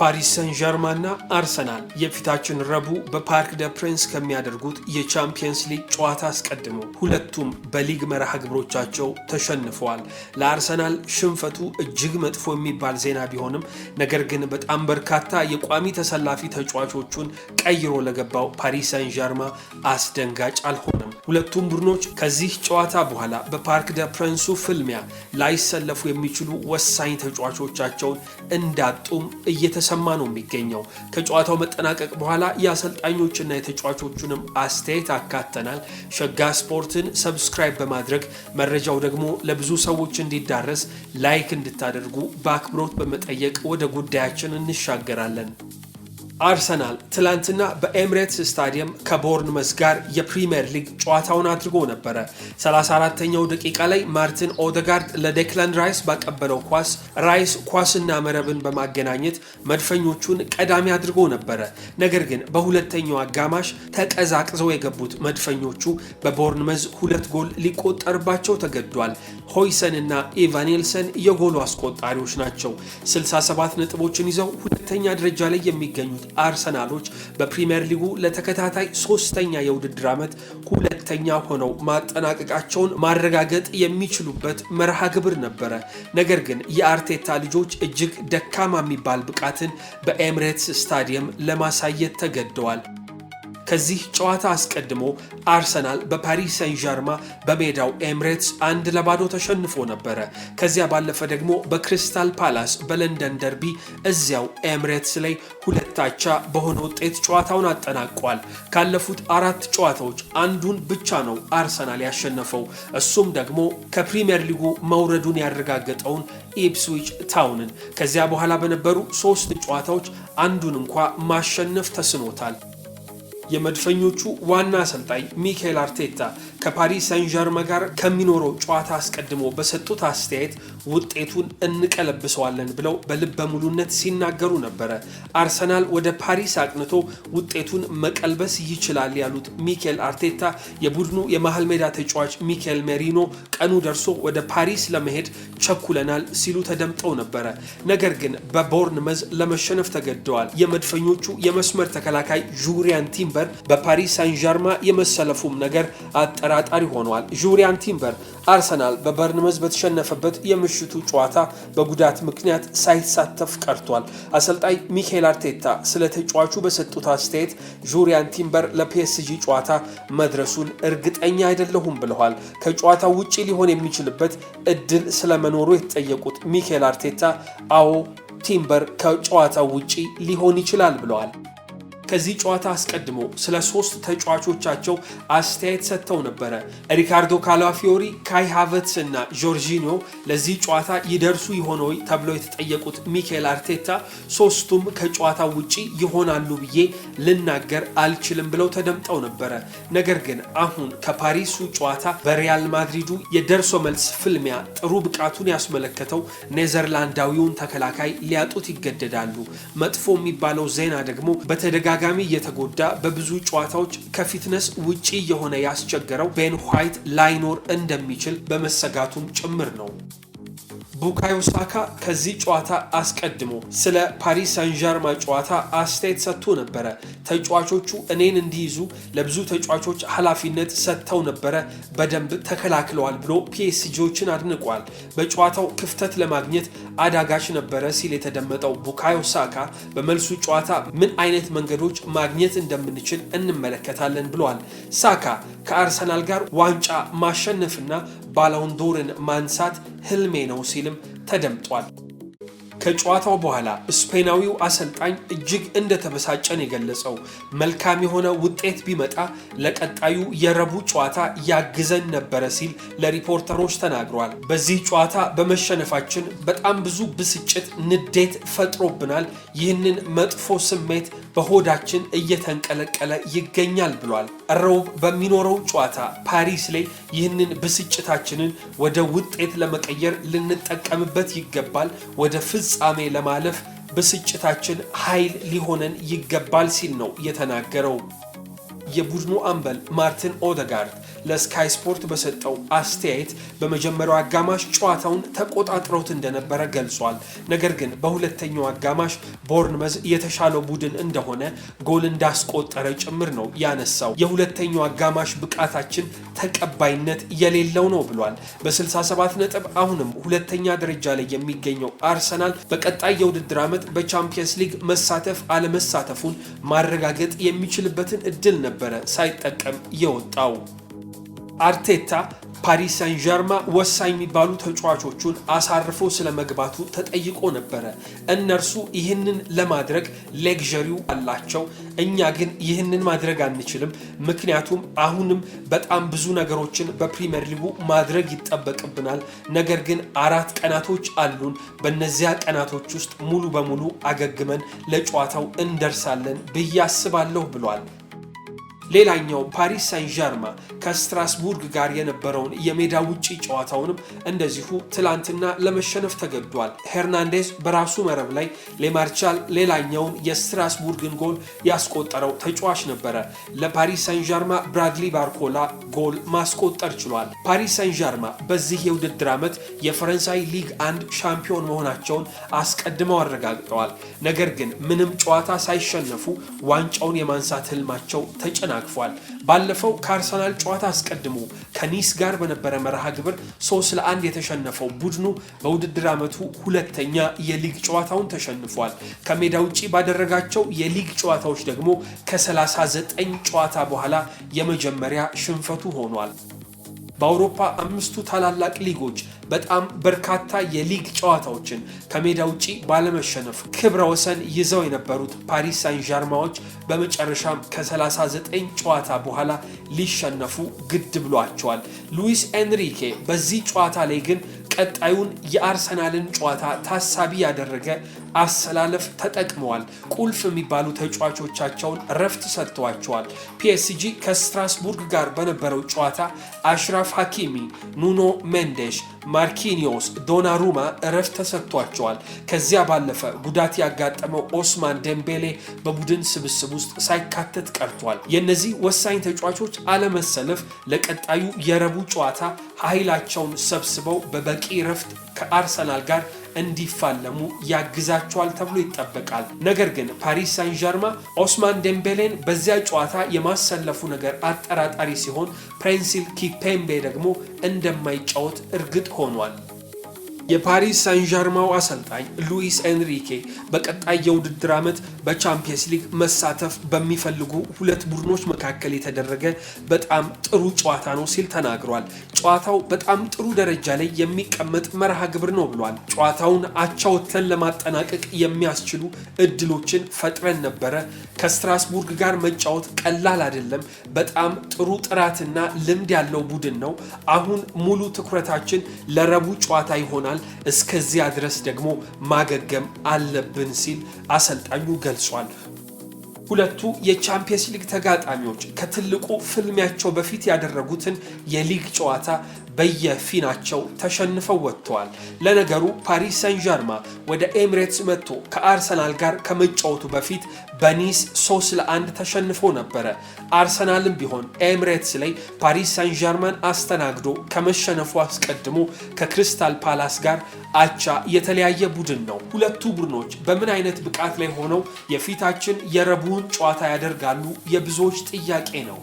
ፓሪስ ሰን ዠርማ አርሰናል የፊታችን ረቡዕ በፓርክ ደ ፕሪንስ ከሚያደርጉት የቻምፒየንስ ሊግ ጨዋታ አስቀድሞ ሁለቱም በሊግ መርሃ ግብሮቻቸው ተሸንፈዋል። ለአርሰናል ሽንፈቱ እጅግ መጥፎ የሚባል ዜና ቢሆንም ነገር ግን በጣም በርካታ የቋሚ ተሰላፊ ተጫዋቾቹን ቀይሮ ለገባው ፓሪስ ሰን ዠርማ አስደንጋጭ አልሆነ። ሁለቱም ቡድኖች ከዚህ ጨዋታ በኋላ በፓርክ ደ ፕረንሱ ፍልሚያ ላይሰለፉ የሚችሉ ወሳኝ ተጫዋቾቻቸውን እንዳጡም እየተሰማ ነው የሚገኘው። ከጨዋታው መጠናቀቅ በኋላ የአሰልጣኞችና የተጫዋቾቹንም አስተያየት አካተናል። ሸጋ ስፖርትን ሰብስክራይብ በማድረግ መረጃው ደግሞ ለብዙ ሰዎች እንዲዳረስ ላይክ እንድታደርጉ በአክብሮት በመጠየቅ ወደ ጉዳያችን እንሻገራለን። አርሰናል ትላንትና በኤምሬትስ ስታዲየም ከቦርንመስ ጋር የፕሪምየር ሊግ ጨዋታውን አድርጎ ነበረ። 34ተኛው ደቂቃ ላይ ማርቲን ኦደጋርድ ለዴክላን ራይስ ባቀበለው ኳስ ራይስ ኳስና መረብን በማገናኘት መድፈኞቹን ቀዳሚ አድርጎ ነበረ። ነገር ግን በሁለተኛው አጋማሽ ተቀዛቅዘው የገቡት መድፈኞቹ በቦርንመዝ ሁለት ጎል ሊቆጠርባቸው ተገዷል። ሆይሰን እና ኤቫኔልሰን የጎሉ አስቆጣሪዎች ናቸው። 67 ነጥቦችን ይዘው ሁለተኛ ደረጃ ላይ የሚገኙት አርሰናሎች በፕሪምየር ሊጉ ለተከታታይ ሶስተኛ የውድድር ዓመት ሁለተኛ ሆነው ማጠናቀቃቸውን ማረጋገጥ የሚችሉበት መርሃ ግብር ነበረ። ነገር ግን የአርቴታ ልጆች እጅግ ደካማ የሚባል ብቃትን በኤምሬትስ ስታዲየም ለማሳየት ተገደዋል። ከዚህ ጨዋታ አስቀድሞ አርሰናል በፓሪስ ሰን ዣርማ በሜዳው ኤምሬትስ አንድ ለባዶ ተሸንፎ ነበረ። ከዚያ ባለፈ ደግሞ በክሪስታል ፓላስ በለንደን ደርቢ እዚያው ኤምሬትስ ላይ ሁለታቻ በሆነ ውጤት ጨዋታውን አጠናቋል። ካለፉት አራት ጨዋታዎች አንዱን ብቻ ነው አርሰናል ያሸነፈው። እሱም ደግሞ ከፕሪምየር ሊጉ መውረዱን ያረጋገጠውን ኢፕስዊች ታውንን። ከዚያ በኋላ በነበሩ ሶስት ጨዋታዎች አንዱን እንኳ ማሸነፍ ተስኖታል። የመድፈኞቹ ዋና አሰልጣኝ ሚካኤል አርቴታ ከፓሪስ ሳን ዣርማ ጋር ከሚኖረው ጨዋታ አስቀድሞ በሰጡት አስተያየት ውጤቱን እንቀለብሰዋለን ብለው በልበ ሙሉነት ሲናገሩ ነበረ። አርሰናል ወደ ፓሪስ አቅንቶ ውጤቱን መቀልበስ ይችላል ያሉት ሚካኤል አርቴታ የቡድኑ የመሀል ሜዳ ተጫዋች ሚካኤል ሜሪኖ ቀኑ ደርሶ ወደ ፓሪስ ለመሄድ ቸኩለናል ሲሉ ተደምጠው ነበረ። ነገር ግን በቦርንመዝ መዝ ለመሸነፍ ተገደዋል። የመድፈኞቹ የመስመር ተከላካይ ዡሪያን ቲምበር ቲምበር በፓሪስ ሳን ዣርማ የመሰለፉም ነገር አጠራጣሪ ሆኗል። ጁሪያን ቲምበር አርሰናል በበርንመዝ በተሸነፈበት የምሽቱ ጨዋታ በጉዳት ምክንያት ሳይሳተፍ ቀርቷል። አሰልጣኝ ሚካኤል አርቴታ ስለ ተጫዋቹ በሰጡት አስተያየት ጁሪያን ቲምበር ለፒኤስጂ ጨዋታ መድረሱን እርግጠኛ አይደለሁም ብለዋል። ከጨዋታው ውጪ ሊሆን የሚችልበት እድል ስለመኖሩ የተጠየቁት ሚካኤል አርቴታ አዎ ቲምበር ከጨዋታው ውጪ ሊሆን ይችላል ብለዋል። ከዚህ ጨዋታ አስቀድሞ ስለ ሶስት ተጫዋቾቻቸው አስተያየት ሰጥተው ነበረ። ሪካርዶ ካላፊዮሪ፣ ካይ ሃቨትስ እና ጆርጂኒዮ ለዚህ ጨዋታ ይደርሱ ይሆን ወይ ተብለው የተጠየቁት ሚኬል አርቴታ ሶስቱም ከጨዋታ ውጪ ይሆናሉ ብዬ ልናገር አልችልም ብለው ተደምጠው ነበረ። ነገር ግን አሁን ከፓሪሱ ጨዋታ በሪያል ማድሪዱ የደርሶ መልስ ፍልሚያ ጥሩ ብቃቱን ያስመለከተው ኔዘርላንዳዊውን ተከላካይ ሊያጡት ይገደዳሉ። መጥፎ የሚባለው ዜና ደግሞ በተደጋ በተደጋጋሚ እየተጎዳ በብዙ ጨዋታዎች ከፊትነስ ውጪ የሆነ ያስቸገረው ቤን ኋይት ላይኖር እንደሚችል በመሰጋቱም ጭምር ነው። ቡካዮ ሳካ ከዚህ ጨዋታ አስቀድሞ ስለ ፓሪስ ሳን ዣርማ ጨዋታ አስተያየት ሰጥቶ ነበረ። ተጫዋቾቹ እኔን እንዲይዙ ለብዙ ተጫዋቾች ኃላፊነት ሰጥተው ነበረ፣ በደንብ ተከላክለዋል ብሎ ፒኤስጂዎችን አድንቋል። በጨዋታው ክፍተት ለማግኘት አዳጋች ነበረ ሲል የተደመጠው ቡካዮ ሳካ በመልሱ ጨዋታ ምን አይነት መንገዶች ማግኘት እንደምንችል እንመለከታለን ብለዋል። ሳካ ከአርሰናል ጋር ዋንጫ ማሸነፍና ባሎንዶርን ማንሳት ህልሜ ነው ሲልም ተደምጧል። ከጨዋታው በኋላ ስፔናዊው አሰልጣኝ እጅግ እንደተበሳጨን የገለጸው መልካም የሆነ ውጤት ቢመጣ ለቀጣዩ የረቡዕ ጨዋታ ያግዘን ነበረ ሲል ለሪፖርተሮች ተናግሯል። በዚህ ጨዋታ በመሸነፋችን በጣም ብዙ ብስጭት፣ ንዴት ፈጥሮብናል። ይህንን መጥፎ ስሜት በሆዳችን እየተንቀለቀለ ይገኛል ብሏል። ረቡዕ በሚኖረው ጨዋታ ፓሪስ ላይ ይህንን ብስጭታችንን ወደ ውጤት ለመቀየር ልንጠቀምበት ይገባል። ወደ ፍጻሜ ለማለፍ ብስጭታችን ኃይል ሊሆነን ይገባል ሲል ነው የተናገረው። የቡድኑ አምበል ማርቲን ኦደጋርድ ለስካይ ስፖርት በሰጠው አስተያየት በመጀመሪያው አጋማሽ ጨዋታውን ተቆጣጥረውት እንደነበረ ገልጿል። ነገር ግን በሁለተኛው አጋማሽ ቦርንመዝ የተሻለው ቡድን እንደሆነ ጎል እንዳስቆጠረ ጭምር ነው ያነሳው። የሁለተኛው አጋማሽ ብቃታችን ተቀባይነት የሌለው ነው ብሏል። በ67 ነጥብ አሁንም ሁለተኛ ደረጃ ላይ የሚገኘው አርሰናል በቀጣይ የውድድር ዓመት በቻምፒየንስ ሊግ መሳተፍ አለመሳተፉን ማረጋገጥ የሚችልበትን እድል ነበረ ሳይጠቀም የወጣው። አርቴታ ፓሪስ ሳን ዠርማ ወሳኝ የሚባሉ ተጫዋቾቹን አሳርፎ ስለመግባቱ ተጠይቆ ነበረ። እነርሱ ይህንን ለማድረግ ሌግዠሪው አላቸው። እኛ ግን ይህንን ማድረግ አንችልም፣ ምክንያቱም አሁንም በጣም ብዙ ነገሮችን በፕሪምየር ሊጉ ማድረግ ይጠበቅብናል። ነገር ግን አራት ቀናቶች አሉን። በእነዚያ ቀናቶች ውስጥ ሙሉ በሙሉ አገግመን ለጨዋታው እንደርሳለን ብዬ አስባለሁ ብሏል። ሌላኛው ፓሪስ ሳን ዠርማ ከስትራስቡርግ ጋር የነበረውን የሜዳ ውጪ ጨዋታውንም እንደዚሁ ትላንትና ለመሸነፍ ተገዷል። ሄርናንዴዝ በራሱ መረብ ላይ ሌማርቻል ሌላኛውን የስትራስቡርግን ጎል ያስቆጠረው ተጫዋች ነበረ። ለፓሪስ ሳን ዣርማ ብራድሊ ባርኮላ ጎል ማስቆጠር ችሏል። ፓሪስ ሳን ዣርማ በዚህ የውድድር ዓመት የፈረንሳይ ሊግ አንድ ሻምፒዮን መሆናቸውን አስቀድመው አረጋግጠዋል። ነገር ግን ምንም ጨዋታ ሳይሸነፉ ዋንጫውን የማንሳት ህልማቸው ተጨናል። ተደናቅፏል። ባለፈው ከአርሰናል ጨዋታ አስቀድሞ ከኒስ ጋር በነበረ መርሃ ግብር ሶስት ለአንድ የተሸነፈው ቡድኑ በውድድር ዓመቱ ሁለተኛ የሊግ ጨዋታውን ተሸንፏል። ከሜዳ ውጭ ባደረጋቸው የሊግ ጨዋታዎች ደግሞ ከ39 ጨዋታ በኋላ የመጀመሪያ ሽንፈቱ ሆኗል። በአውሮፓ አምስቱ ታላላቅ ሊጎች በጣም በርካታ የሊግ ጨዋታዎችን ከሜዳ ውጪ ባለመሸነፍ ክብረ ወሰን ይዘው የነበሩት ፓሪስ ሳን ዣርማዎች በመጨረሻም ከ39 ጨዋታ በኋላ ሊሸነፉ ግድ ብሏቸዋል። ሉዊስ ኤንሪኬ በዚህ ጨዋታ ላይ ግን ቀጣዩን የአርሰናልን ጨዋታ ታሳቢ ያደረገ አሰላለፍ ተጠቅመዋል። ቁልፍ የሚባሉ ተጫዋቾቻቸውን እረፍት ሰጥተዋቸዋል። ፒኤስጂ ከስትራስቡርግ ጋር በነበረው ጨዋታ አሽራፍ ሐኪሚ፣ ኑኖ ሜንዴሽ፣ ማርኪኒዮስ፣ ዶናሩማ እረፍት ተሰጥቷቸዋል። ከዚያ ባለፈ ጉዳት ያጋጠመው ኦስማን ደምቤሌ በቡድን ስብስብ ውስጥ ሳይካተት ቀርቷል። የእነዚህ ወሳኝ ተጫዋቾች አለመሰለፍ ለቀጣዩ የረቡ ጨዋታ ኃይላቸውን ሰብስበው በበቂ እረፍት ከአርሰናል ጋር እንዲፋለሙ ያግዛቸዋል ተብሎ ይጠበቃል። ነገር ግን ፓሪስ ሳን ዠርማ ኦስማን ደምቤሌን በዚያ ጨዋታ የማሰለፉ ነገር አጠራጣሪ ሲሆን ፕሬንሲል ኪፔምቤ ደግሞ እንደማይጫወት እርግጥ ሆኗል። የፓሪስ ሳን ዣርማው አሰልጣኝ ሉዊስ ኤንሪኬ በቀጣይ የውድድር ዓመት በቻምፒየንስ ሊግ መሳተፍ በሚፈልጉ ሁለት ቡድኖች መካከል የተደረገ በጣም ጥሩ ጨዋታ ነው ሲል ተናግሯል። ጨዋታው በጣም ጥሩ ደረጃ ላይ የሚቀመጥ መርሃ ግብር ነው ብሏል። ጨዋታውን አቻ ወጥተን ለማጠናቀቅ የሚያስችሉ እድሎችን ፈጥረን ነበረ። ከስትራስቡርግ ጋር መጫወት ቀላል አይደለም። በጣም ጥሩ ጥራትና ልምድ ያለው ቡድን ነው። አሁን ሙሉ ትኩረታችን ለረቡዕ ጨዋታ ይሆናል ተጎድተናል፣ እስከዚያ ድረስ ደግሞ ማገገም አለብን ሲል አሰልጣኙ ገልጿል። ሁለቱ የቻምፒየንስ ሊግ ተጋጣሚዎች ከትልቁ ፍልሚያቸው በፊት ያደረጉትን የሊግ ጨዋታ በየፊናቸው ተሸንፈው ወጥተዋል። ለነገሩ ፓሪስ ሰን ዣርማ ወደ ኤምሬትስ መጥቶ ከአርሰናል ጋር ከመጫወቱ በፊት በኒስ 3 ለአንድ ተሸንፎ ነበረ። አርሰናልም ቢሆን ኤምሬትስ ላይ ፓሪስ ሰን ዣርማን አስተናግዶ ከመሸነፉ አስቀድሞ ከክሪስታል ፓላስ ጋር አቻ የተለያየ ቡድን ነው። ሁለቱ ቡድኖች በምን አይነት ብቃት ላይ ሆነው የፊታችን የረቡዕን ጨዋታ ያደርጋሉ የብዙዎች ጥያቄ ነው።